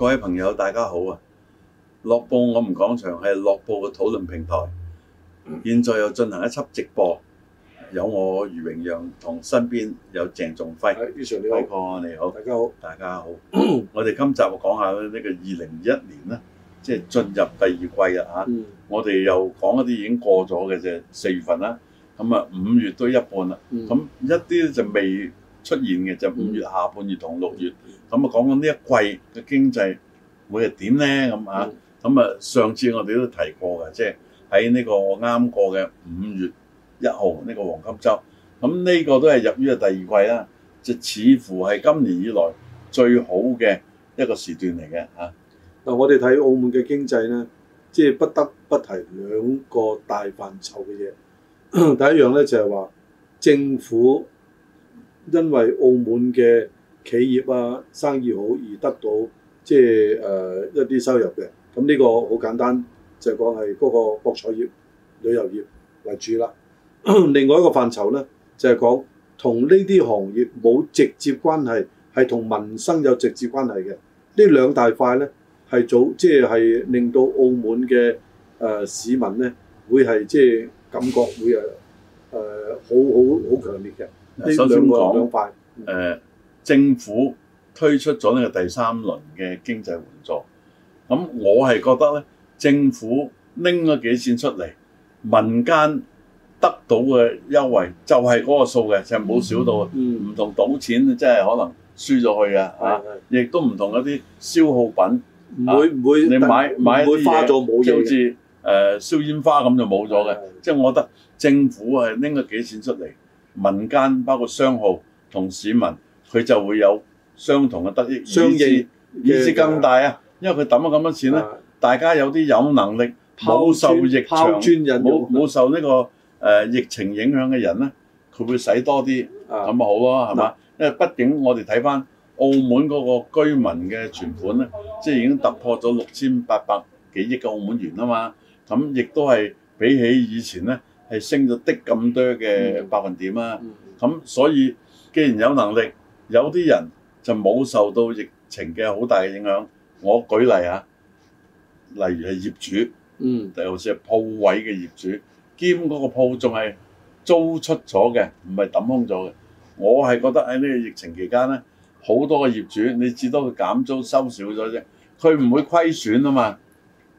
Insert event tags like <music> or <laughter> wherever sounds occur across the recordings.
各位朋友，大家好啊！樂報我們講場係樂報嘅討論平台、嗯，現在又進行一輯直播，有我余榮讓同身邊有鄭仲輝。e、啊、t 你好，你好大家好，大家好。嗯、我哋今集講下呢個二零二一年咧，即、就、係、是、進入第二季啦嚇、嗯。我哋又講一啲已經過咗嘅啫，四月份啦，咁啊五月都一半啦。咁、嗯、一啲就未出現嘅就五月下半月同六月。咁啊，講緊呢一季嘅經濟會係點呢？咁啊，咁啊，上次我哋都提過嘅，即係喺呢個啱過嘅五月一號呢個黃金週，咁呢個都係入於第二季啦，就似乎係今年以來最好嘅一個時段嚟嘅嚇。嗱，我哋睇澳門嘅經濟呢，即係不得不提兩個大範疇嘅嘢。第一樣呢，就係話政府因為澳門嘅企業啊，生意好而得到即係誒、呃、一啲收入嘅，咁、這、呢個好簡單，就係講係嗰個博彩業、旅遊業為主啦。 <coughs> 另外一個範疇呢，就係講同呢啲行業冇直接關係，係同民生有直接關係嘅。呢兩大塊呢，係早，即係令到澳門嘅誒、呃、市民呢，會係即係感覺會誒誒、呃、好好好強烈嘅。呢、嗯、兩個兩塊誒政府推出咗呢個第三輪嘅經濟援助，咁我係覺得咧，政府拎咗幾錢出嚟，民間得到嘅優惠就係嗰個數嘅，就冇、是嗯就是、少到。唔、嗯、同賭錢真係、就是、可能輸咗去㗎嚇，亦、嗯啊、都唔同嗰啲消耗品，會唔、啊、會你買買花咗冇嘢，好似誒燒煙花咁就冇咗嘅。即係、就是、我覺得政府係拎咗幾錢出嚟，民間包括商號同市民。佢就會有相同嘅得益，相對意思更大啊！因為佢抌咗咁多錢咧，大家有啲有能力冇受疫冇冇受呢、這個誒、呃、疫情影響嘅人咧，佢會使多啲咁咪好咯，係、啊、嘛？因為畢竟我哋睇翻澳門嗰個居民嘅存款咧、啊啊，即係已經突破咗六千八百幾億嘅澳門元啊嘛！咁亦都係比起以前咧係升咗的咁多嘅百分點啊！咁、嗯嗯啊、所以既然有能力，有啲人就冇受到疫情嘅好大嘅影響。我舉例啊，例如係業主，嗯，尤其是係鋪位嘅業主，兼嗰個鋪仲係租出咗嘅，唔係抌空咗嘅。我係覺得喺呢個疫情期間咧，好多嘅業主，你至多佢減租收少咗啫，佢唔會虧損啊嘛。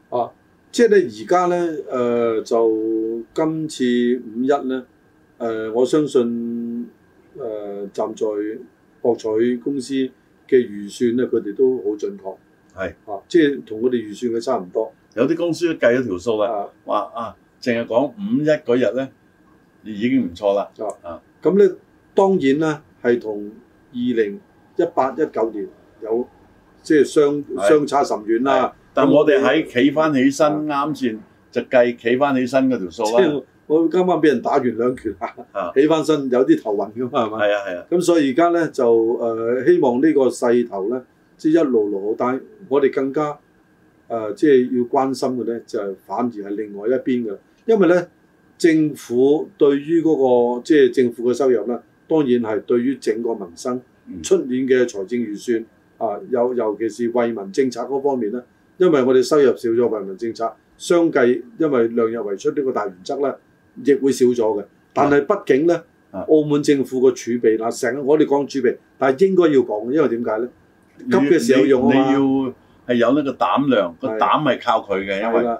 哦、啊，即係咧而家咧，誒、呃、就今次五一咧，誒、呃、我相信誒站、呃、在。博彩公司嘅預算咧，佢哋都好準確，係啊，即係同我哋預算嘅差唔多。有啲公司都計咗條數嘅，話啊，淨係講五一嗰日咧，已經唔錯啦。啊，咁、啊、咧、啊、當然啦，係同二零一八一九年有即係相相差甚遠啦。但我哋喺企翻起身啱線，啱先就計企翻起身嗰條數啦。就是我今晚俾人打完兩拳啊！起翻身有啲頭暈㗎嘛，係咪？係啊係啊。咁所以而家咧就誒、呃、希望這個勢呢個勢頭咧，即係一路落好。但係我哋更加誒即係要關心嘅咧，就是、反而係另外一邊嘅，因為咧政府對於嗰、那個即係、就是、政府嘅收入咧，當然係對於整個民生出、嗯、年嘅財政預算啊，有、呃、尤其是惠民政策嗰方面咧，因為我哋收入少咗，惠民政策相繼因為量入為出呢個大原則咧。亦會少咗嘅，但係畢竟咧、啊，澳門政府個儲備嗱，成日我哋講儲備，啊、備但係應該要講，因為點解咧？急嘅時候用、啊、你，你，你要係有呢個膽量，個膽係靠佢嘅，因為啊。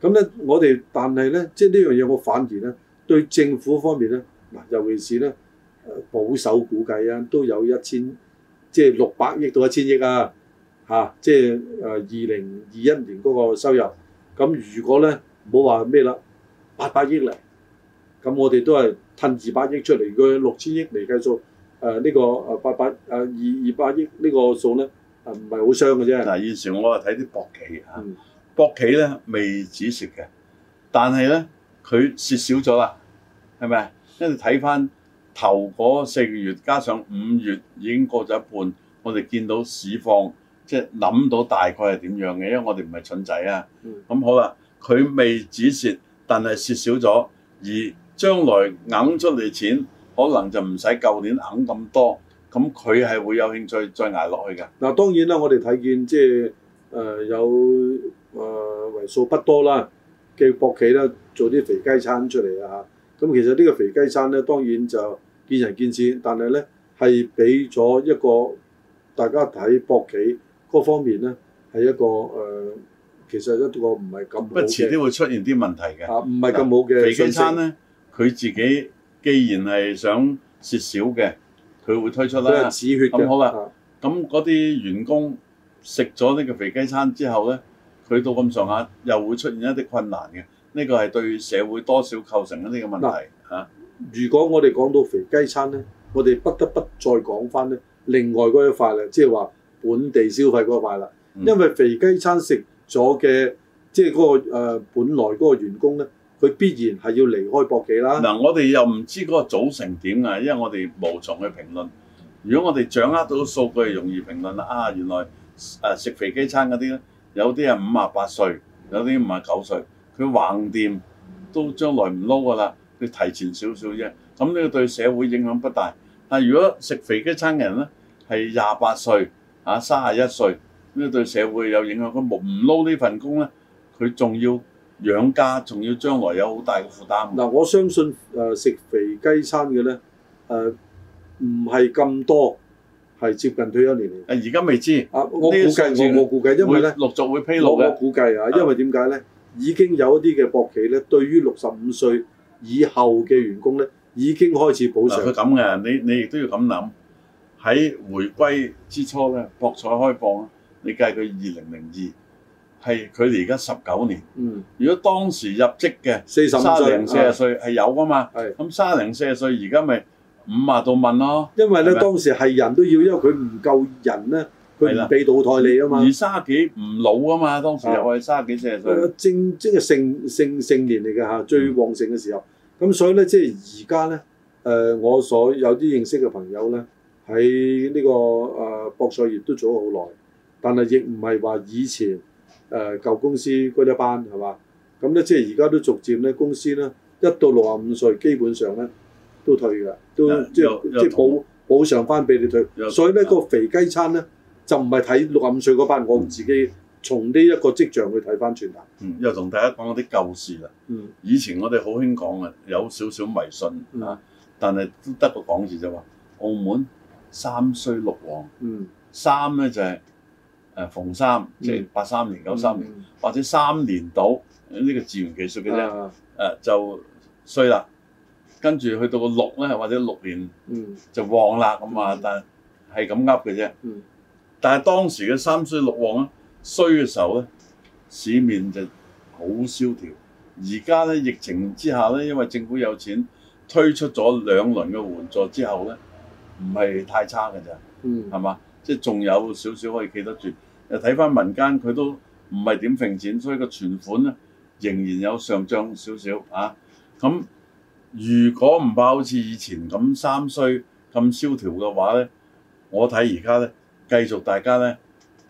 咁咧，我哋但係咧，即係呢樣嘢我反而咧，對政府方面咧，嗱，尤其是咧，保守估計啊，都有一千，即係六百億到一千億啊，嚇、啊！即係誒二零二一年嗰個收入。咁如果咧，唔好話咩啦，八百億啦。咁我哋都係褪二百億出嚟，佢六千億嚟計數，誒、呃、呢、呢個誒八百誒二二百億呢個數咧，誒唔係好傷嘅啫。嗱、啊，現時我係睇啲博企嚇，博、啊嗯、企咧未止蝕嘅，但係咧佢蝕少咗啦，係咪？因為睇翻頭嗰四個月，加上五月已經過咗一半，我哋見到市況即係諗到大概係點樣嘅，因為我哋唔係蠢仔啊。咁、嗯嗯、好啦，佢未止蝕，但係蝕少咗而。將來硬出嚟錢，可能就唔使舊年硬咁多，咁佢係會有興趣再捱落去㗎。嗱，當然啦，我哋睇見即係誒、呃、有誒、呃、為數不多啦嘅博企咧，做啲肥雞餐出嚟啊。咁、嗯、其實呢個肥雞餐咧，當然就見仁見智，但係咧係俾咗一個大家睇博企嗰方面咧，係一個誒、呃，其實一個唔係咁不遲啲會出現啲問題嘅。啊，唔係咁好嘅肥雞餐咧。佢自己既然係想蝕少嘅，佢會推出啦，止血咁好啦，咁嗰啲員工食咗呢個肥雞餐之後呢，佢到咁上下又會出現一啲困難嘅。呢、這個係對社會多少構成一啲嘅問題嚇。如果我哋講到肥雞餐呢，我哋不得不再講翻呢另外嗰一塊咧，即係話本地消費嗰一塊啦。因為肥雞餐食咗嘅，即係嗰個、呃、本來嗰個、呃呃、個員工呢。佢必然係要離開博企啦。嗱，我哋又唔知嗰個組成點啊，因為我哋無從去評論。如果我哋掌握到數據，容易評論啦。啊，原來誒食肥雞餐嗰啲，有啲人五啊八歲，有啲五啊九歲，佢橫掂都將來唔撈噶啦，佢提前少少啫。咁呢個對社會影響不大。但係如果食肥雞餐嘅人咧係廿八歲，啊三啊一歲，呢個對社會有影響。佢冇唔撈呢份工咧，佢仲要。養家仲要將來有好大嘅負擔。嗱、啊，我相信誒、呃、食肥雞餐嘅咧，誒唔係咁多，係接近退休年齡。啊，而家未知。啊，我估計，我估計，因為咧陸續會披露嘅。我估計啊，因為點解咧？已經有一啲嘅博企咧，對於六十五歲以後嘅員工咧，已經開始補償。嗱、啊，佢咁嘅，你你亦都要咁諗。喺回歸之初咧，博彩開放，你計佢二零零二。係，佢哋而家十九年。如果當時入職嘅，三零四十歲係有噶嘛？咁三零四十歲而家咪五啊度問咯。因為咧當時係人都要，因為佢唔夠人咧，佢唔被淘汰你啊嘛。而卅幾唔老啊嘛，當時又係卅幾四十歲。正職嘅盛盛盛年嚟嘅，嚇，最旺盛嘅時候。咁、嗯、所以咧，即係而家咧，誒、呃、我所有啲認識嘅朋友咧，喺呢、這個誒、呃、博彩業都做咗好耐，但係亦唔係話以前。誒、呃、舊公司嗰一班係嘛？咁咧即係而家都逐漸咧公司咧一到六十五歲基本上咧都退嘅，都，都即係即係補補，補償翻俾你退。所以咧、啊那個肥雞餐咧就唔係睇六十五歲嗰班，嗯、我唔自己從呢一個跡象去睇翻轉頭。嗯，又同大家講啲舊事啦。嗯，以前我哋好興講嘅有少少迷信嚇、嗯，但係都得個講字就話、是、澳門三衰六旺。嗯，三咧就係、是。誒逢三即係八三年、嗯、九三年，嗯、或者三年到呢、嗯呢個自然奇數嘅啫。誒、嗯啊、就衰啦，跟住去到個六咧，或者六年就旺啦咁啊，但係係咁噏嘅啫。但係當時嘅三衰六旺咧，衰嘅時候咧，市面就好蕭條。而家咧疫情之下咧，因為政府有錢推出咗兩輪嘅援助之後咧，唔係太差嘅啫，係、嗯、嘛？即係仲有少少可以企得住。睇翻民間佢都唔係點揈錢，所以個存款咧仍然有上漲少少啊。咁、啊、如果唔怕好似以前咁三衰咁蕭條嘅話咧，我睇而家咧繼續大家咧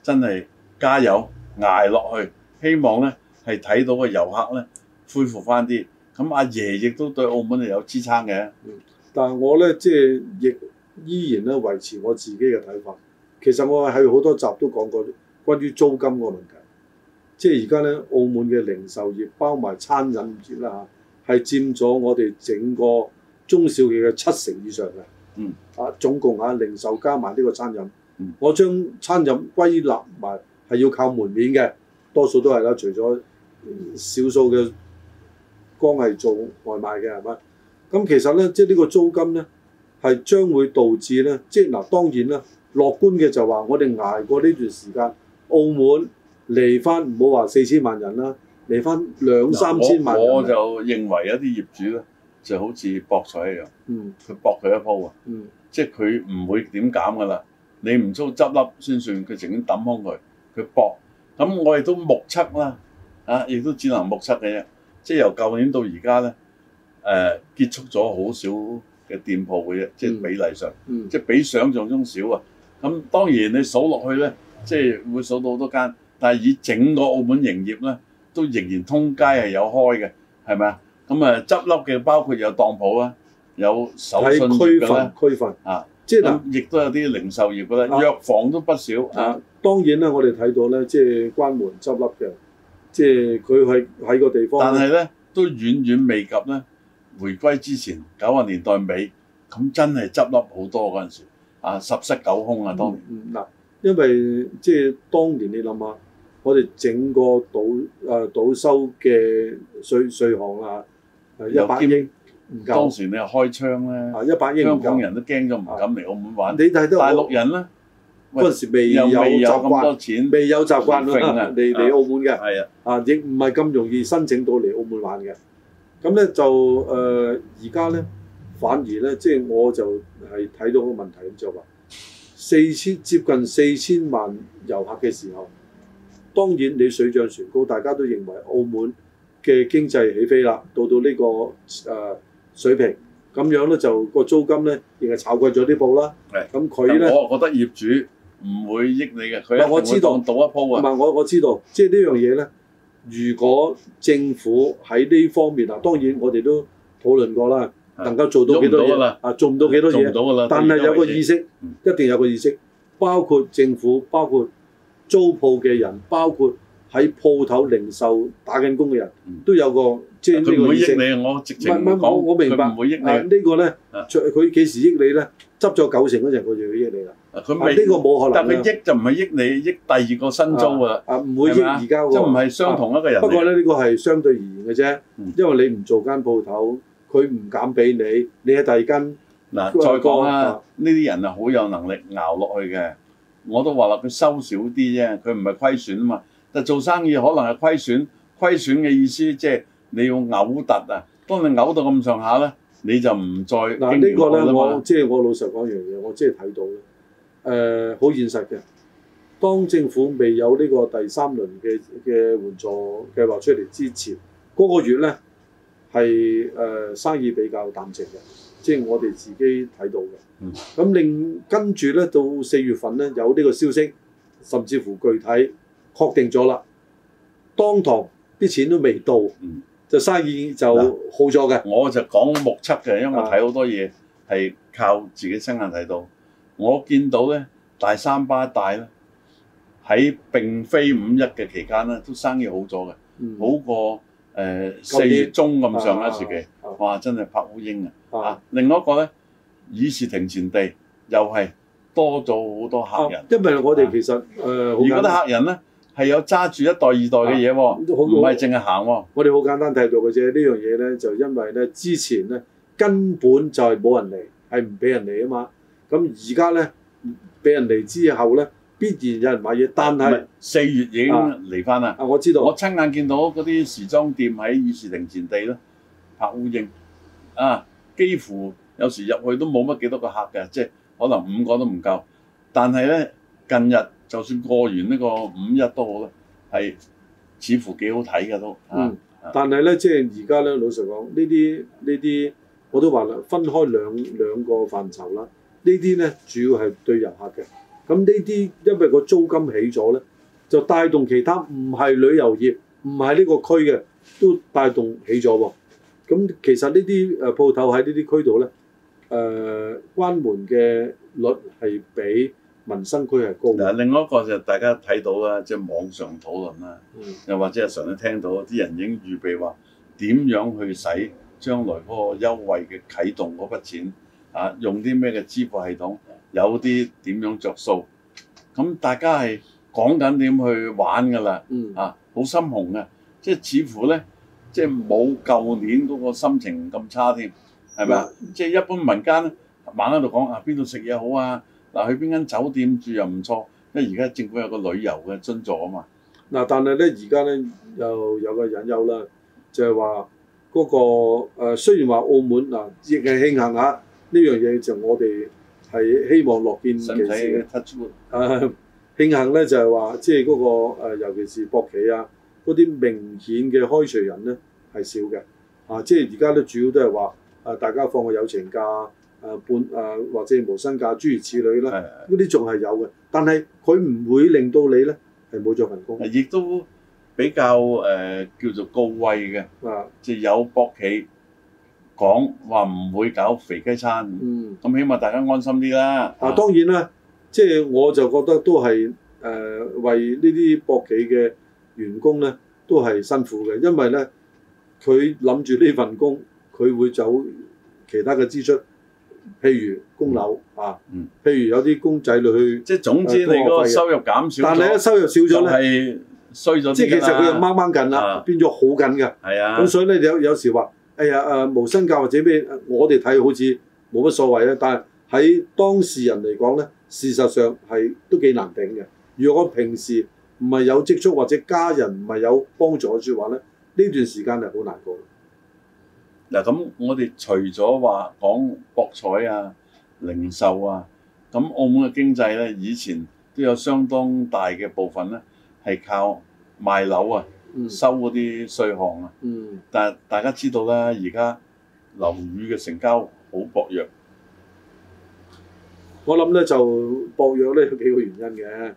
真係加油捱落去，希望咧係睇到個遊客咧恢復翻啲。咁、啊、阿爺亦都對澳門係有支撐嘅、嗯。但係我咧即係亦依然咧維持我自己嘅睇法。其實我係好多集都講過。關於租金個問題，即係而家咧，澳門嘅零售業包埋餐飲業啦嚇，係佔咗我哋整個中小企嘅七成以上嘅。嗯，啊總共啊零售加埋呢個餐飲、嗯，我將餐飲歸納埋係要靠門面嘅，多數都係啦，除咗少數嘅光係做外賣嘅係咪？咁其實咧，即係呢個租金咧係將會導致咧，即係嗱、啊、當然啦，樂觀嘅就話我哋捱過呢段時間。澳門嚟翻唔好話四千萬人啦，嚟翻兩三千萬人我。我就認為一啲業主咧就好似博彩一樣，佢、嗯、博佢一鋪啊、嗯，即係佢唔會點減噶啦。你唔操執笠先算，佢成日揼空佢，佢博。咁我亦都目測啦，啊，亦都只能目測嘅啫。即係由舊年到而家咧，誒、啊、結束咗好少嘅店鋪嘅啫，即、嗯、係、就是、比例上，嗯、即係比想像中少啊。咁當然你數落去咧。即係會數到好多間，但係以整個澳門營業咧，都仍然通街係有開嘅，係咪啊？咁啊，執笠嘅包括有當鋪啦，有手信業區分，區分啊，即係亦、啊、都有啲零售業嘅啦、啊，藥房都不少啊，啊，啊。當然啦，我哋睇到咧，即係關門執笠嘅，即係佢係喺個地方，但係咧都遠遠未及咧，回歸之前九十年代尾，咁真係執笠好多嗰、啊、陣時啊，十室九空啊，當年嗱。嗯嗯啊。因為即係當年你諗下，我哋整個賭啊賭收嘅稅稅項啊，一百億唔夠。當時你又開槍咧、啊，一百億香港人都驚咗，唔敢嚟澳門玩。你都大陸人呢，嗰陣時未有習慣，未有習慣嚟嚟澳門嘅。係啊，啊亦唔係咁容易申請到嚟澳門玩嘅。咁咧就誒，而家咧反而咧，即係我就係睇到個問題咁就話。四千接近四千萬遊客嘅時候，當然你水漲船高，大家都認為澳門嘅經濟起飛啦，到到呢、這個誒、呃、水平，咁樣咧就個租金咧亦係炒貴咗啲步啦。係，咁佢咧，我我覺得業主唔會益你嘅。佢一定會當賭一鋪。同埋我我知道，即係呢樣嘢咧，如果政府喺呢方面啊，當然我哋都討論過啦。能夠做到幾多嘢啊？做唔到幾多嘢？但係有個意識一，一定有個意識、嗯。包括政府，包括租鋪嘅人、嗯，包括喺鋪頭零售打緊工嘅人、嗯，都有個即係佢唔會益你，我直接講，我明白。唔會益你。啊呢個、呢個咧，佢、啊、幾時益你咧？執咗九成嗰陣，佢就去益你啦。佢未呢、啊呢個冇可能。但係益就唔係益你，益第二個新租啊。啊，唔會益而家個。是不是啊、即唔係相同一個人、啊。不過咧，呢、呢個係相對而言嘅啫、嗯。因為你唔做間鋪頭。佢唔敢俾你，你有第二根嗱。再講啦，呢啲人啊好有能力熬落去嘅。我都話啦，佢收少啲啫，佢唔係虧損啊嘛。但係做生意可能係虧損，虧損嘅意思即係你要嘔突啊。當你嘔到咁上下咧，你就唔再嗱、啊這個、呢個咧、啊，我即係我老實講樣樣嘢，我即係睇到咧。好、呃、現實嘅。當政府未有呢個第三輪嘅嘅援助計劃出嚟之前，嗰、那個月咧。係誒、呃、生意比較淡靜嘅，即、就、係、是、我哋自己睇到嘅。咁、嗯、另跟住咧，到四月份咧有呢個消息，甚至乎具體確定咗啦。當堂啲錢都未到，嗯，就生意就好咗嘅，嗯。我就講目測嘅，因為我睇好多嘢係靠自己雙眼睇到。我見到咧大三巴帶咧喺並非五一嘅期間咧都生意好咗嘅，嗯，好過。誒、呃、四月中咁上一時期，哇！啊、真係拍烏蠅啊，啊！啊，另外一個咧，議事亭前地，又係多咗好多客人。啊、因為我哋其實誒、啊呃，而家啲客人咧係有揸住一代二代嘅嘢喎，唔係淨係行我哋好簡單替代嘅啫，這個、東西呢樣嘢咧就因為咧之前咧根本就係冇人嚟，係唔俾人嚟啊嘛。咁而家咧俾人嚟之後咧。必然有人買嘢，但係四月已經嚟翻啦。啊，我知道。我親眼見到嗰啲時裝店喺議事亭前地咯，拍烏蠅啊，幾乎有時入去都冇乜幾多個客嘅，即係可能五個都唔夠。但係咧，近日就算過完呢個五一都好啦，係似乎幾好睇嘅都。嗯，但係咧，即係而家咧，老實講，呢啲呢啲我都話啦，分開兩兩個範疇啦。這些呢啲咧主要係對遊客嘅。咁呢啲因為個租金起咗咧，就帶動其他唔係旅遊業、唔係呢個區嘅都帶動起咗喎。咁其實呢啲誒鋪頭喺呢啲區度咧，誒、呃、關門嘅率係比民生區係高。嗱，另外一個就大家睇到啦，即係網上討論啦，又或者係常都聽到啲人已經預備話點樣去使將來嗰個優惠嘅啟動嗰筆錢啊，用啲咩嘅支付系統？有啲點樣着數咁？大家係講緊點去玩噶啦、嗯，啊，好心紅嘅，即係似乎咧，即係冇舊年嗰個心情咁差添，係咪啊？即係一般民間咧晚喺度講啊，邊度食嘢好啊？嗱，去邊間酒店住又唔錯，因為而家政府有個旅遊嘅津助啊嘛。嗱，但係咧，而家咧又有個隱憂啦，就係話嗰個誒、呃，雖然話澳門嗱、啊、亦係慶幸下呢樣嘢，這個、就我哋。係希望樂見其事嘅慶幸咧就係話，即係嗰個尤其是博企啊，嗰啲明顯嘅開除人咧係少嘅。啊，即係而家咧主要都係話，誒大家放個友情假、誒半誒或者無薪假，諸如此類啦。嗰啲仲係有嘅，但係佢唔會令到你咧係冇咗份工。亦都比較誒、呃、叫做高位嘅，啊，即係有博企。講話唔會搞肥雞餐，咁希望大家安心啲啦、嗯。啊，當然啦，即、就、係、是、我就覺得都係誒、呃、為呢啲博企嘅員工咧，都係辛苦嘅，因為咧佢諗住呢他份工，佢、嗯、會走其他嘅支出，譬如供樓、嗯、啊，譬如有啲公仔女去，即係總之、啊、個你個收入減少，但係一收入少咗咧，就衰、是、咗，即係其實佢又掹掹緊啦，變咗好緊嘅，咁、啊、所以咧有有時話。哎呀誒、啊、無薪假或者咩？我哋睇好似冇乜所謂啊，但係喺當事人嚟講呢，事實上係都幾難頂嘅。如果平時唔係有積蓄或者家人唔係有幫助嘅話話，呢段時間係好難過。嗱、啊、咁，我哋除咗話講博彩啊、零售啊，咁澳門嘅經濟呢，以前都有相當大嘅部分呢，係靠賣樓啊。收嗰啲稅項啊、嗯，但係大家知道咧，而家樓宇嘅成交好薄弱。我諗咧就薄弱咧有幾個原因嘅。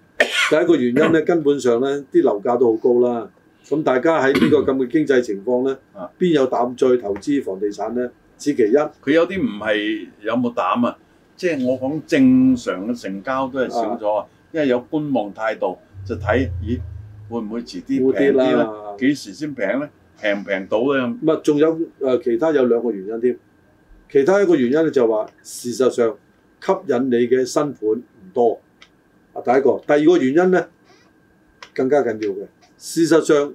第一個原因咧 <coughs> 根本上咧啲樓價都好高啦，咁大家喺呢個咁嘅經濟情況咧，邊 <coughs> 有膽再投資房地產咧？此其一。佢有啲唔係有冇膽啊？即係我講正常嘅成交都係少咗啊、嗯，因為有觀望態度就睇，咦？會唔會遲啲平啲啦？幾時先平咧？平唔平到咧？唔係，仲有誒其他有兩個原因添。其他一個原因咧就話，事實上吸引你嘅新盤唔多。啊，第一個，第二個原因咧更加緊要嘅。事實上，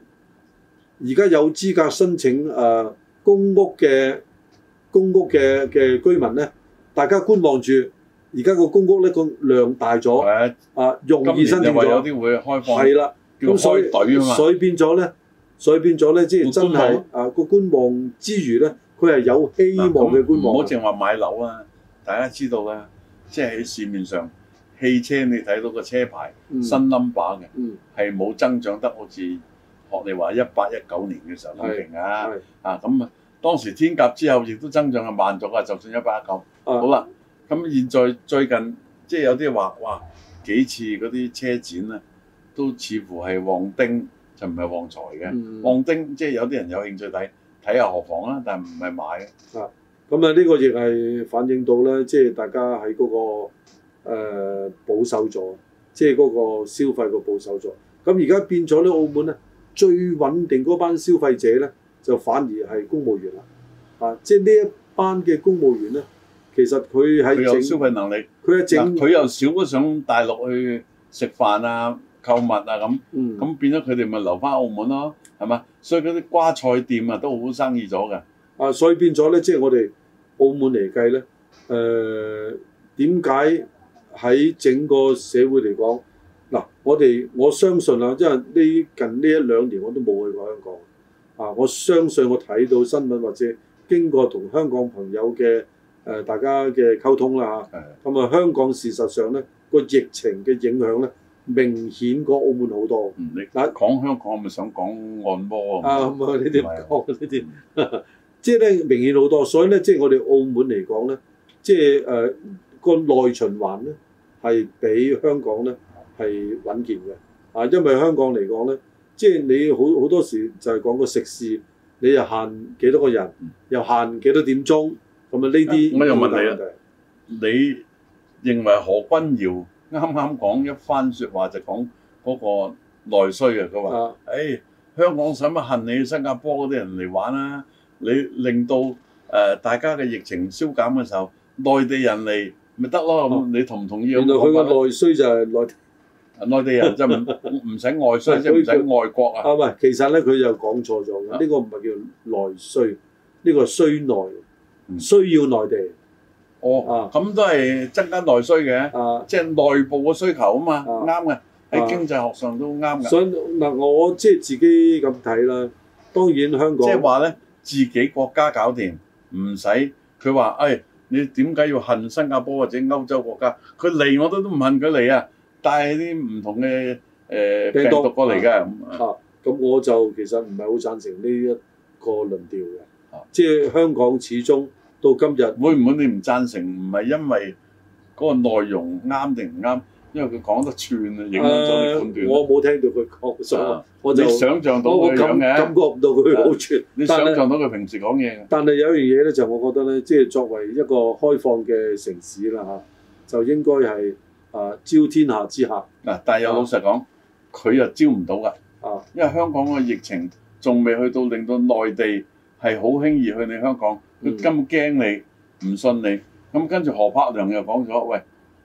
而家有資格申請誒、呃、公屋嘅公屋嘅嘅居民咧，大家觀望住。而家個公屋咧個量大咗，啊、哎，容易申請咗。今年有啲會開放。係啦。咁所以所以變咗咧，所以變咗咧，即係真係啊個觀望之餘咧，佢係有希望嘅觀望。唔好淨話買樓啊！大家知道呢，即係喺市面上汽車，你睇到個車牌、嗯、新 number 嘅，係、嗯、冇增長得好似學你話一八一九年嘅時候咁勁啊！啊咁，當時天鴿之後亦都增長係慢咗㗎！就算一八一九，好啦，咁現在最近即係有啲話哇，幾次嗰啲車展啊！都似乎係旺丁就唔係旺財嘅、嗯，旺丁即係、就是、有啲人有興趣睇睇下何妨啦，但係唔係買嘅。啊，咁啊呢個亦係反映到咧，即、就、係、是、大家喺嗰、那個、呃、保守咗，即係嗰個消費個保守咗。咁而家變咗呢，澳門咧最穩定嗰班消費者咧，就反而係公務員啦。啊，即係呢一班嘅公務員咧，其實佢係有消費能力，佢係整佢又少咗上大陸去食飯啊。購物啊咁，咁變咗佢哋咪留翻澳門咯，係、嗯、嘛？所以嗰啲瓜菜店啊都好生意咗嘅。啊，所以變咗咧，即係我哋澳門嚟計咧，誒點解喺整個社會嚟講，嗱我哋我相信啊，因為呢近呢一兩年我都冇去過香港啊，我相信我睇到新聞或者經過同香港朋友嘅誒、呃、大家嘅溝通啦嚇。誒。咁啊，香港事實上咧個疫情嘅影響咧。明顯過澳門好多，啊講香港咪想講按摩啊？啊唔係你點講呢啲？即係咧明顯好多，所以咧即係我哋澳門嚟講咧，即係誒個內循環咧係比香港咧係穩健嘅。啊，因為香港嚟講咧，即係你好好多時就係講個食肆，你又限幾多個人，嗯、又限幾多點鐘，咁啊呢啲乜有問題啊，你認為何君堯？啱啱講一番説話就講嗰個內需啊！佢、哎、話，誒香港使乜恨你？新加坡嗰啲人嚟玩啦、啊，你令到誒、呃、大家嘅疫情消減嘅時候，內地人嚟咪得咯咁。你同唔同意？原來佢嘅內需就係內內地人 <laughs> 就唔唔使外需，即係唔使外國啊！啊，唔其實咧佢又講錯咗嘅。呢、這個唔係叫內需，呢、這個係需內需要內地。嗯。哦，咁、啊、都係增加內需嘅、啊，即係內部嘅需求啊嘛，啱、啊、嘅，喺經濟學上都啱嘅。所以嗱，我即係自己咁睇啦。當然香港即係話咧，自己國家搞掂，唔使佢話，誒、哎、你點解要恨新加坡或者歐洲國家？佢嚟我都都唔恨佢嚟啊，帶啲唔同嘅誒、呃、病，病毒過嚟㗎。咁、啊啊啊、我就其實唔係好贊成呢一個論調嘅、啊。即係香港始終。到今日會唔會你唔贊成？唔係因為嗰個內容啱定唔啱，因為佢講得串啊，影響咗你判斷。我冇聽到佢講，所以你想像到佢樣嘅。感覺唔到佢好串。你想像到佢、啊啊、平時講嘢嘅。但係有樣嘢咧，就我覺得咧，即係作為一個開放嘅城市啦嚇、啊，就應該係啊招天下之客。嗱、啊，但係有老實講，佢又招唔到㗎啊，因為香港嘅疫情仲未去到令到內地係好輕易去你香港。佢咁驚你，唔信你，咁跟住何柏良又講咗：喂，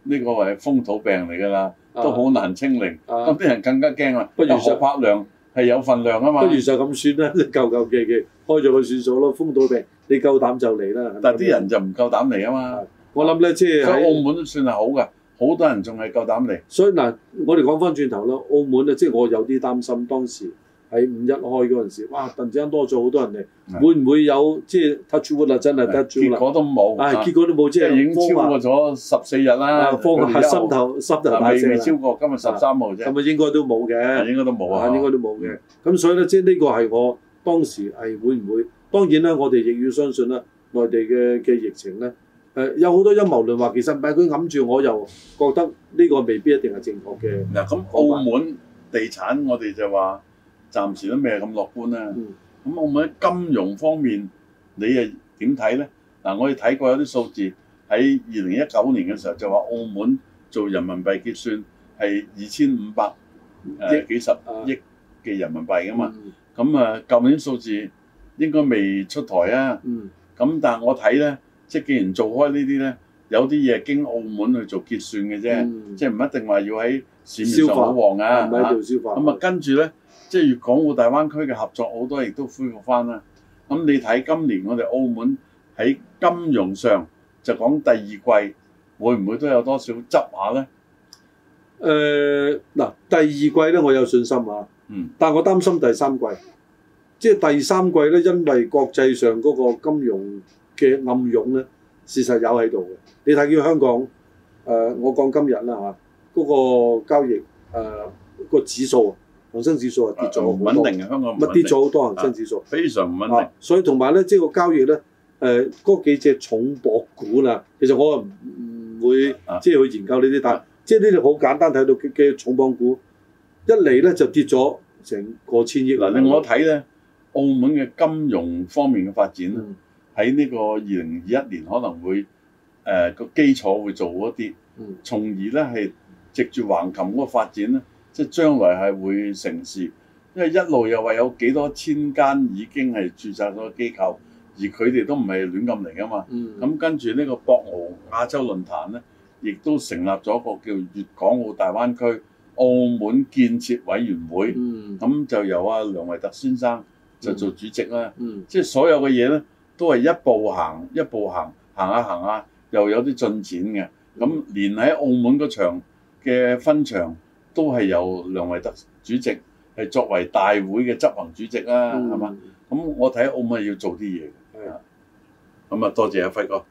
呢個係風土病嚟㗎啦，都好難清零。咁啲人更加驚啦，不如何柏良係有份量啊嘛，不如就咁算啦，嚿嚿嘅嘅，開咗佢算數咯。風土病，你夠膽就嚟啦。但係啲人就唔夠膽嚟啊嘛。我諗咧，即係喺澳門都算係好㗎，好多人仲係夠膽嚟。所以嗱，我哋講翻轉頭啦，澳門咧，即係我有啲擔心當時。喺五一開嗰陣時，哇！突然之間多咗好多人嚟，會唔會有即係 touch wood 啊？真係 touch wood 啊！結果都冇，係、啊哎、結果都冇，即係已經超過咗十四日啦。係濕頭濕頭，頭未超過今13，今日十三號啫。咁啊，應該都冇嘅，應該都冇啊，應該都冇嘅。咁所以咧，即係呢、這個係我當時係、哎、會唔會？當然啦，我哋亦要相信啦，內地嘅嘅疫情咧，誒、呃、有好多陰謀論話，其實唔係佢諗住，我又覺得呢個未必一定係正確嘅。嗱、嗯、咁，澳門地產我哋就話。暫時都未係咁樂觀啊。咁澳門喺金融方面，你又點睇咧？嗱，我哋睇過有啲數字，喺二零一九年嘅時候就話澳門做人民幣結算係二千五百億幾十億嘅人民幣噶嘛。咁啊，舊年數字應該未出台啊。咁但係我睇咧，即係既然做開呢啲咧，有啲嘢係經澳門去做結算嘅啫，即係唔一定話要喺市面上好旺啊嚇。咁啊，跟住咧。即係粵港澳大灣區嘅合作，好多亦都恢復翻啦。咁你睇今年我哋澳門喺金融上就講第二季會唔會都有多少執下呢？嗱、呃，第二季呢，我有信心啊。嗯。但我擔心第三季，嗯、即係第三季呢，因為國際上嗰個金融嘅暗湧呢，事實有喺度嘅。你睇見香港、呃、我講今日啦嚇，嗰、啊那個交易誒、呃那個指數。恒生指數啊跌咗，穩定嘅香港唔穩定，跌咗好多。恒生指數非常唔穩定，啊穩定啊、所以同埋咧，即係個交易咧，誒、呃、嗰幾隻重磅股啊，其實我唔會即係、啊、去研究呢啲、啊，但即係呢啲好簡單睇到嘅重磅股一嚟咧就跌咗成個千億。嗱，我睇咧澳門嘅金融方面嘅發展喺呢、嗯、喺呢個二零二一年可能會誒、呃嗰個基礎會做一啲、嗯，從而咧係藉住橫琴嗰個發展咧。即係將來係會成事，因為一路又話有幾多千間已經係註冊咗機構，而佢哋都唔係亂咁嚟噶嘛。咁、嗯、跟住呢個博鰲亞洲論壇呢，亦都成立咗一個叫粵港澳大灣區澳門建設委員會。咁、嗯、就由阿梁維特先生就做主席啦、嗯嗯。即係所有嘅嘢呢，都係一步行一步行，行下、啊、行下、啊、又有啲進展嘅。咁、嗯、連喺澳門嗰場嘅分場。都係由梁維德主席係作為大會嘅執行主席啦，係、嗯、嘛？咁我睇澳門要做啲嘢嘅，咁啊多謝阿輝哥。